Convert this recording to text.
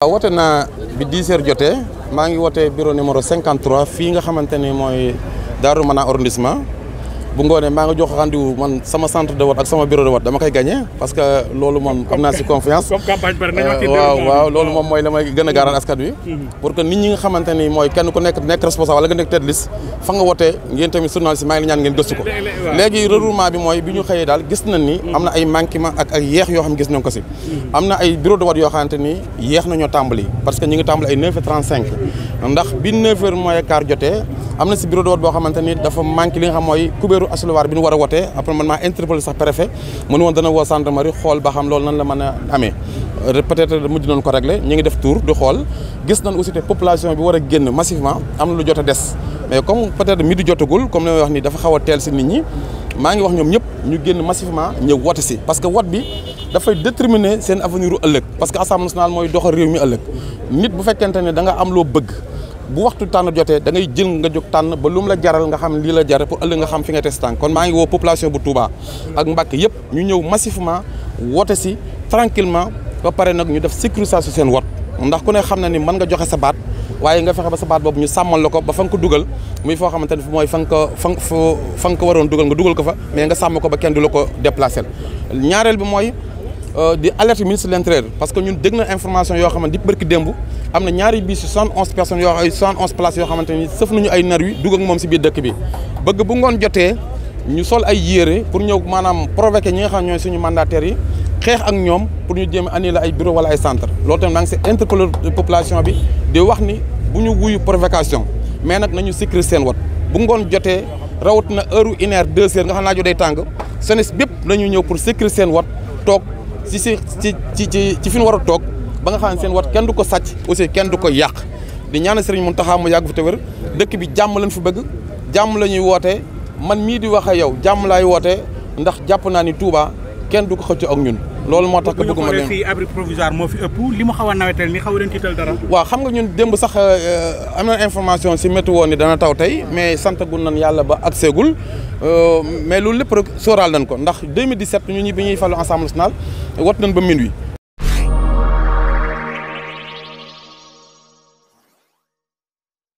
waaw woote naa bi 10 heures jotee maa ngi woote bureau numéro 53 fii nga xamante ni mooy Darou Manane arrondissement bu ngoonee maa ngi jox rendez-vous man sama centre de vote ak sama bureau de vote dama koy gagné parce que loolu moom euh, mooy la may gën a gaaral mm-hmm. askan wi mm-hmm. pour que nit ñi nga xamante mooy kenn ku nekk nekk responsable wala nga nekk tête liste fa nga wootee ngeen tamit journaliste maa ngi la ñaan ngeen gëstu ko léegi reroulement bi mooy bi ñu xëyee daal gis nañ ni mm-hmm. am na ay manquement ak ay yeex yoo xam gis nañ si am na ay bureau de vote yoo xamante ni yeex nañoo tàmbali parce que ñu ngi tàmbali ay 9 am na si bureau de boo xamante ni dafa manqué li nga xam mooy kubéeru asaluwaar bi ñu war a wotee après man maa interpellé sax préfet mu ne woon a amee peut-être mujj nañ ko ngi def tour xool gis nañ aussi population bi war a génn massivement am na lu jot a jotagul comme wax ni dafa xaw a teel si nit ñi maa ngi wax ñoom ñëpp ñu génn massivement ñëw wote si parce que wote bi dafay déterminer seen avenir u parce que assemblée nationale mooy doxal réew mi ëllëg nit bu fekkente ne da am loo bëgg bu waxtu tànn jotee da ngay jël nga jóg tànn ba lu mu la jaral nga xam lii la jaral pour ëllëg nga xam fi nga tes tànk kon maa ngi woo population bu Touba ak Mbacké yëpp ñu ñëw massivement woote si tranquillement ba pare nag ñu def sécurisation seen wot ndax ku ne xam na ni mën nga joxe sa baat waaye nga fexe ba sa baat boobu ñu sàmmal la ko ba fa nga ko dugal muy foo xamante ne mooy fa nga ko fa nga fa nga ko waroon dugal nga dugal ko fa mais nga sàmm ko ba kenn du ko déplacé ñaareel bi mooy Euh, di alerte ministre de parce que ñun dégg na information yoo xamante di bërki démb am na ñaari bii si soixante onze personnes yoo ay soixante onze places yoo xamante ni sëf nañu ay nar wi dugg ak moom si biir dëkk bi bëgg bu ngoon jotee ñu sol ay yére pour ñëw maanaam provoquer ñi nga xam ñooy suñu mandataires yi xeex ak ñoom pour ñu jéem annuler ay bureau wala ay centre loolu tamit naa ngi si bi di wax ni bu ñu wuyu provocation mais nag nañu sécuriser seen wat bu ngoon jotee rawat na heure u une heure deux heures nga xam naajoo day tàng senes bépp nañu ñëw pour sécuriser seen wat toog si si ci ci ci ci fi ñu war a toog ba nga xam seen wat kenn du ko sàcc aussi kenn du ko yàq di ñaana seriñ mun mu yàgg fi te wér dëkk bi jàmm lañu fi bëgg jàmm la ñuy wootee man mii di wax yow jàmm laay wootee ndax jàpp naa ni Touba. kenn du ko xëccoo ak ñun loolu moo tax bëgguma dem fii moo fi ëpp li mu xaw a ni xaw leen tiital dara waaw xam nga ñun démb sax euh, am na information si météo ni dana taw tey mais santagul nañ yàlla ba ak seegul euh, mais loolu lépp rek sóoraal nañ ko ndax 2017 ñu ñi bi ñuy falu ensemble national wat nañ ba minuit